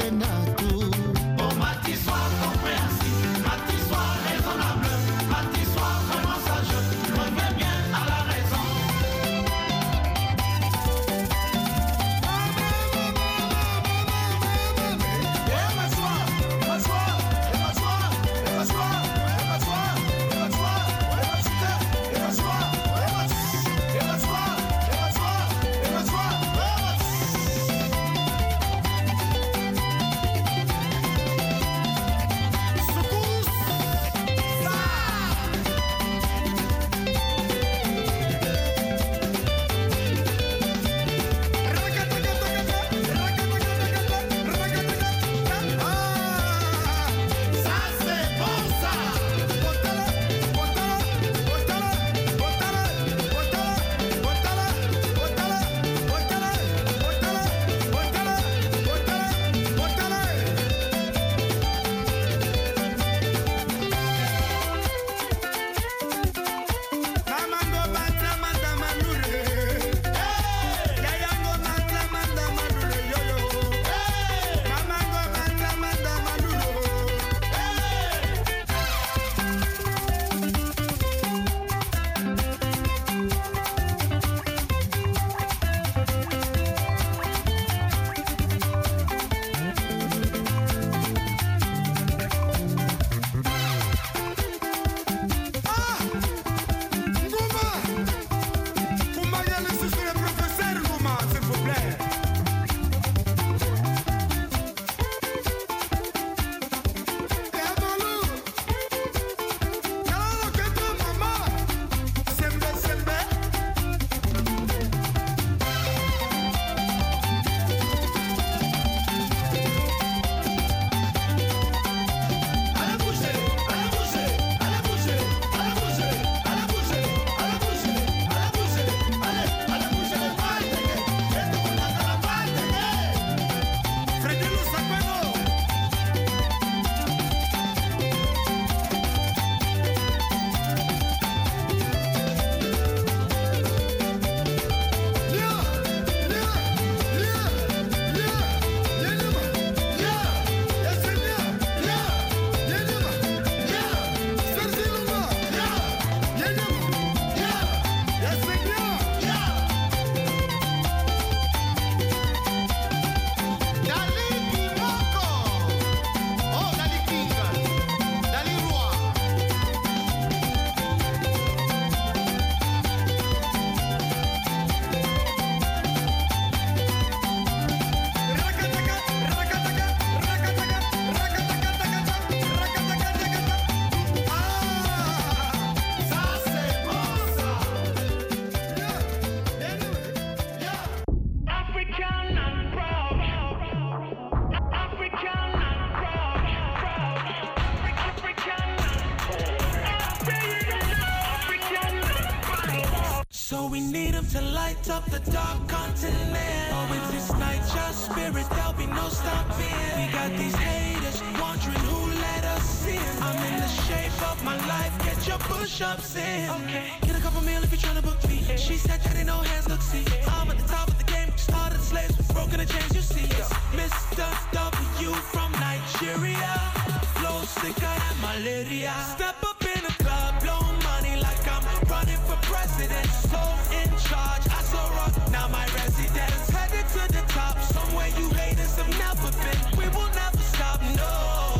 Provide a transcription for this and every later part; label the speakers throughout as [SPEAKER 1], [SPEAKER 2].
[SPEAKER 1] pena.
[SPEAKER 2] cups in.
[SPEAKER 3] Okay. Get a couple meal if you're trying to book me. She said that ain't no hands, look, see. I'm at the top of the game, started
[SPEAKER 2] the slaves, broken the chains, you see. Mr. W from Nigeria. Flow sicker than malaria. Step up in the club, blow money like I'm running for president. So in charge, I so rock, now my residence. Headed to the top, somewhere you haters have never been. We will never stop, no.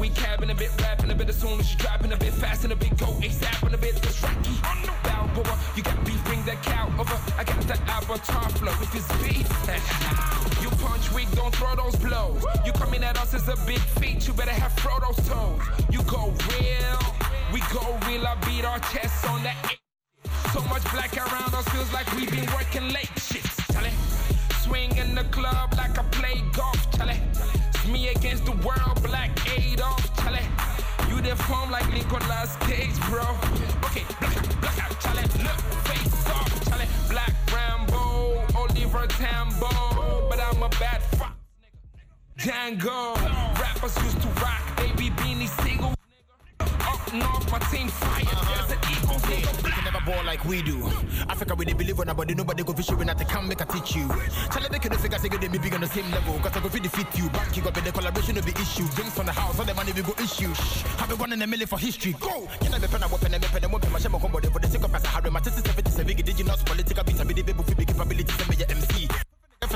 [SPEAKER 4] We cabbing a bit, rapping a bit as soon as you dropping a bit fast and a bit go ASAP and a bit less rocky. I'm Balboa, you got beef, bring that cow over. I got that avatar flow. with this beef, eh. you punch weak, don't throw those blows. You coming at us as a big feat, you better have Frodo's toes. You go real, we go real. I beat our chests on that. So much black around us feels like we've been working late. Shit, tell it. Swing in the club like I play golf, tell it it's me against the world, Black Adolf, Charlie. You deform like Nicolas Cage, bro. Okay, black, black out, Charlie. Look, face off, Charlie. Black Rambo, Oliver Tambo. But I'm a bad fuck, Django. Rappers used to rock, baby beanie single. Up north, my team fire like we do.
[SPEAKER 1] Africa, we they believe on nobody, nobody go fish when I can make a teach you. Tell them they can figure, say they may be on the same level. Cause I go fit defeat you. Back you up in collaboration of the issue. Drinks on the house, all the money we go issue. Shh. Have been one in a million for history. Go! Can I be pen a weapon and weapon and weapon? My shame on combo, for the sake of us, I have my sister 77 did you not political beats? I be the baby big capabilities, send be your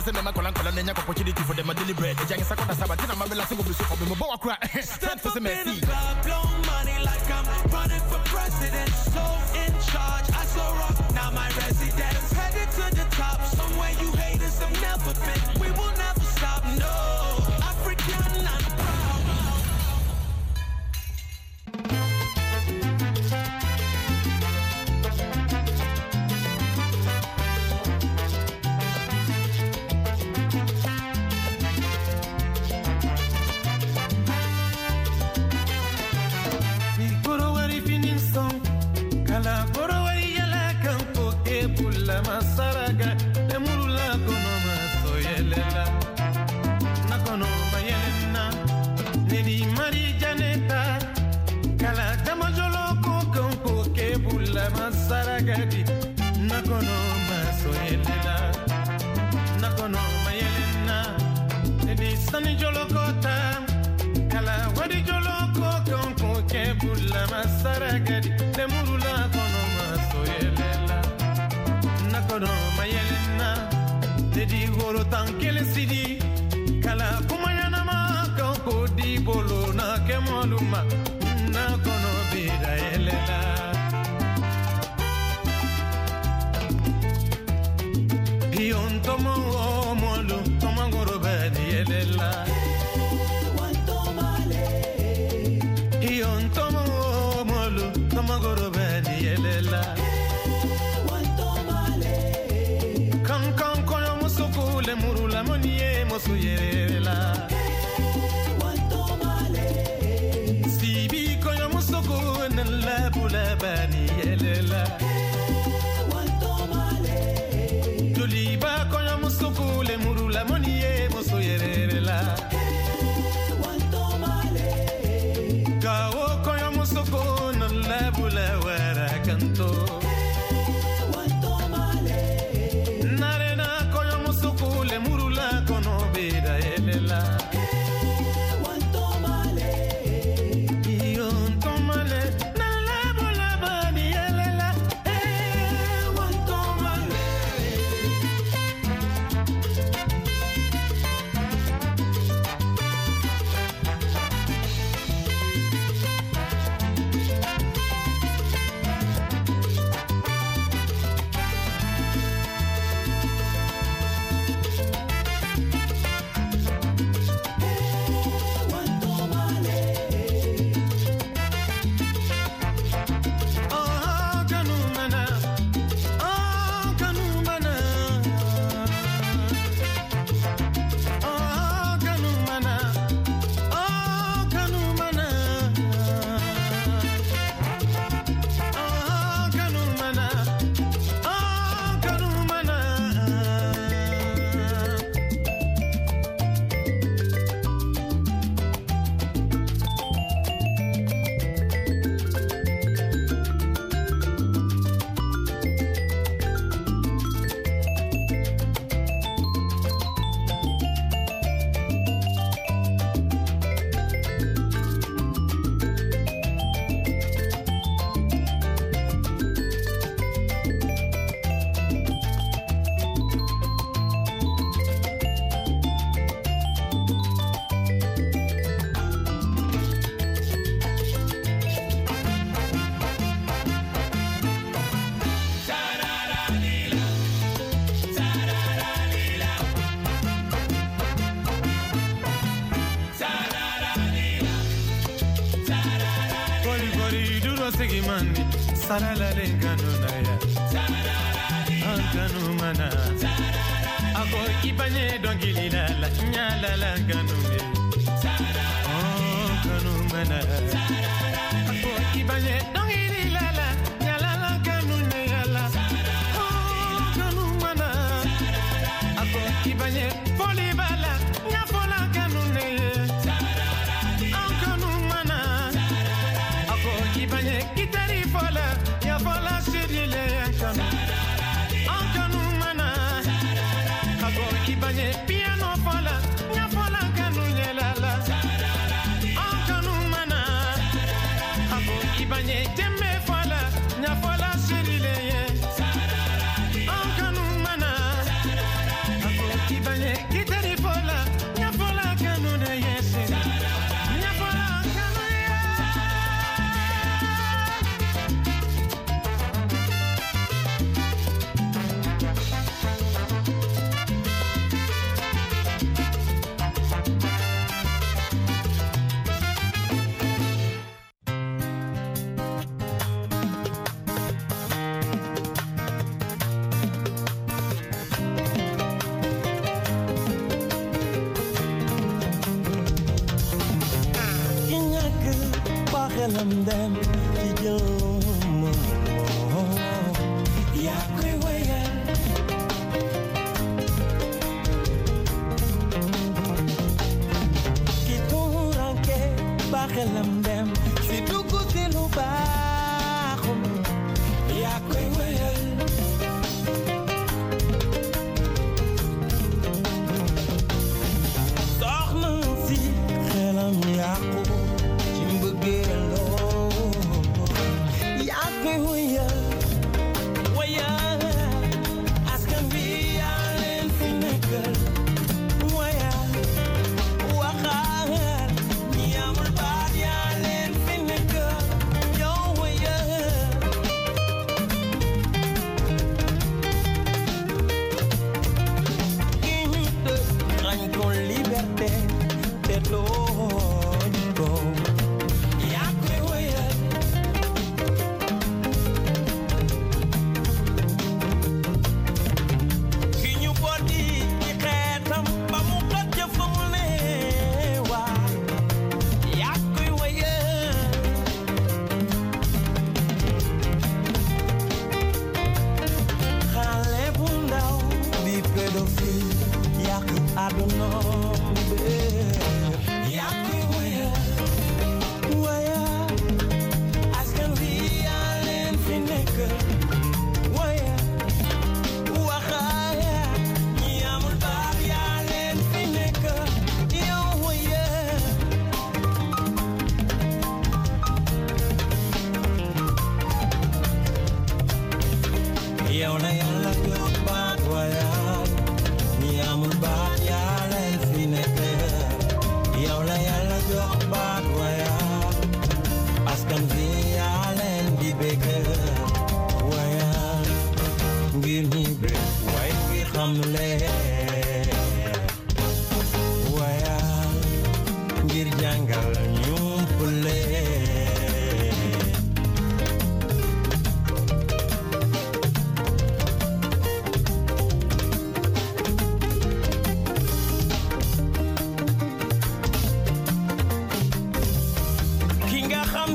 [SPEAKER 1] say me call and call and for them a deliberate. Eja ngisa Step up in the club,
[SPEAKER 2] blow money like I'm running for president. So in charge, I so rock, now my residence. Headed to the top, somewhere you haters have never been. We will never stop, no.
[SPEAKER 5] sani joloko ta kala wadi joloko kan kun kɛ bulama saragadi lemurula kɔnɔ maso soyɛlɛla nakɔnɔ mayɛlɛna dedi woro tan kelen sidi kala kumayanama kan ko di bolo na kɛ mɔlu ma como akaralale ngano na ya ngano ako ibanye dongili la la nyala la oh ngano mana
[SPEAKER 6] on them. Chineke nga xam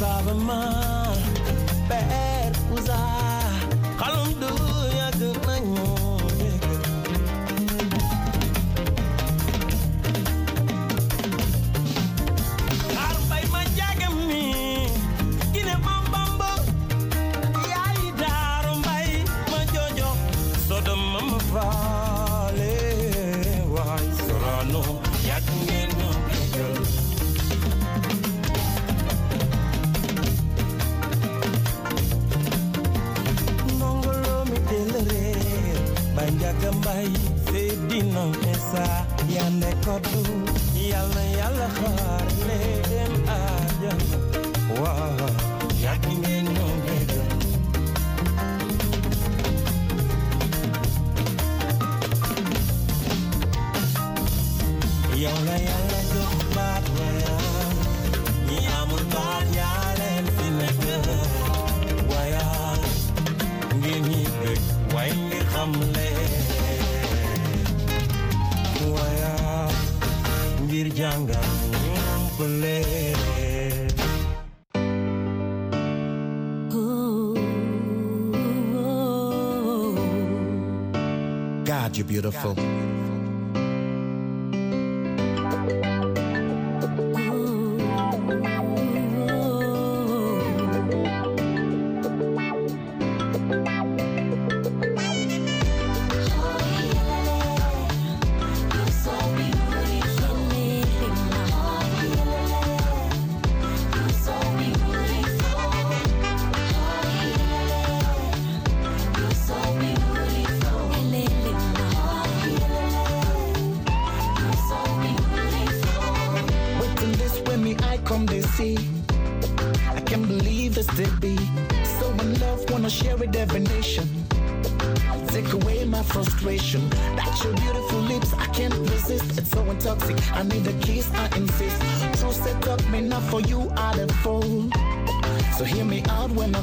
[SPEAKER 6] usava má, pé usava. are blue.
[SPEAKER 1] you're beautiful. I need the keys, I insist. True set up, me not for you, I the fool. So hear me out when I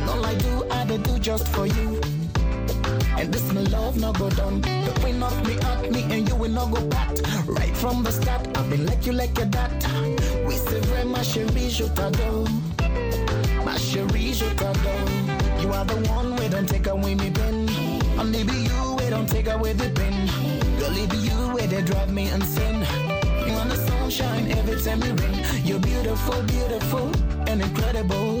[SPEAKER 1] And all I do, I dey do just for you. And this my love no go done. The queen of me up, me and you will not go back. Right from the start, I've been like you like a dat. We say very ma chérie, je t'adore. Ma chérie, je t'adore. You are the one we don't take away me pen. Only be you we don't take away the pen. Girl, it be you where they drive me insane. You want the sunshine every time you rain. You're beautiful, beautiful, and incredible.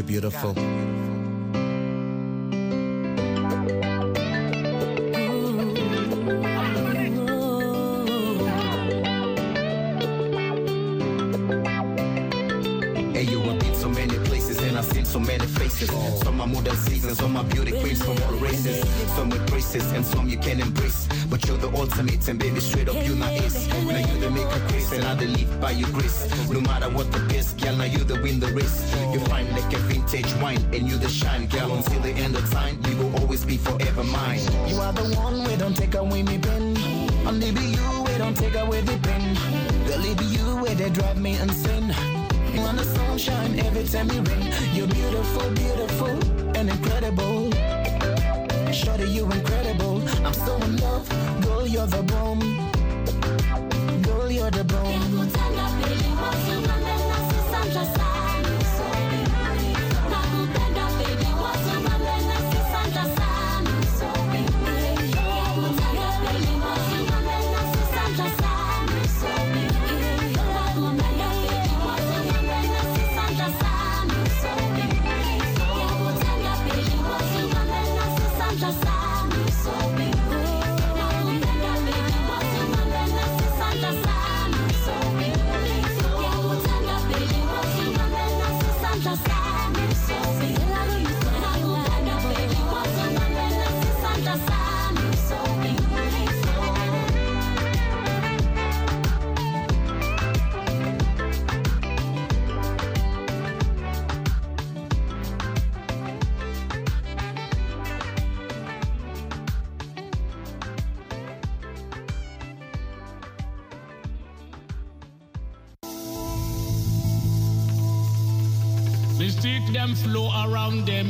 [SPEAKER 1] you're beautiful. Some are model seasons, all my beauty queens from all races. Some with braces and some you can embrace. But you're the ultimate and baby, straight up you not is. Now you the a grace and I the lead by your grace. No matter what the best, girl, now you the win the race. You fine like a vintage wine and you the shine, girl. Until the end of time, you will always be forever mine. You are the one, we don't take away me pen. Only be you, we don't take away the pen. Girl, it be you, where they drive me insane. You want the sunshine every time you rain. You're beautiful, beautiful, and incredible. Shorty, you're incredible.
[SPEAKER 3] I'm so in love. Girl,
[SPEAKER 1] you're the bomb. Girl, you're the bomb.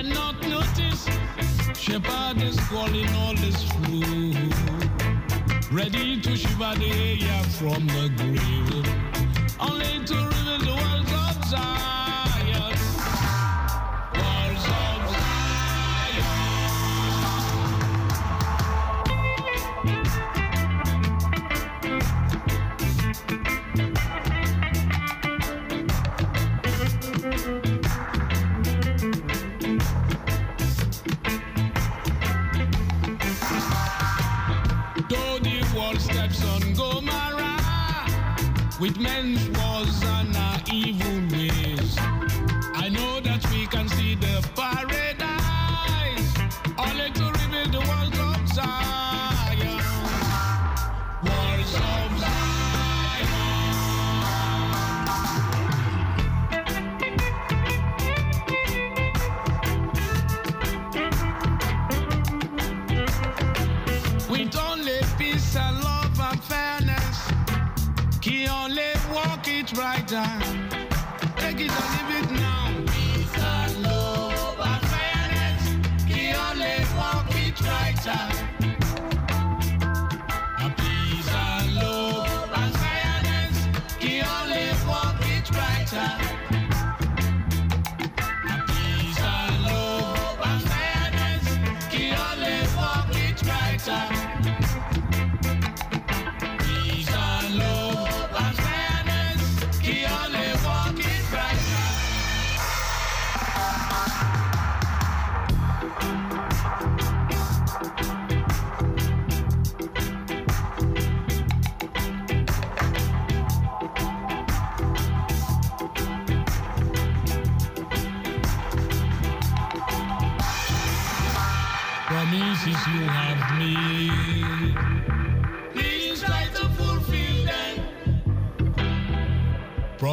[SPEAKER 4] cannot notice. Shepherd is calling all his flow. Ready to shiver the air from the grave. Only to reveal the world's outside. meant was. Uh, dime.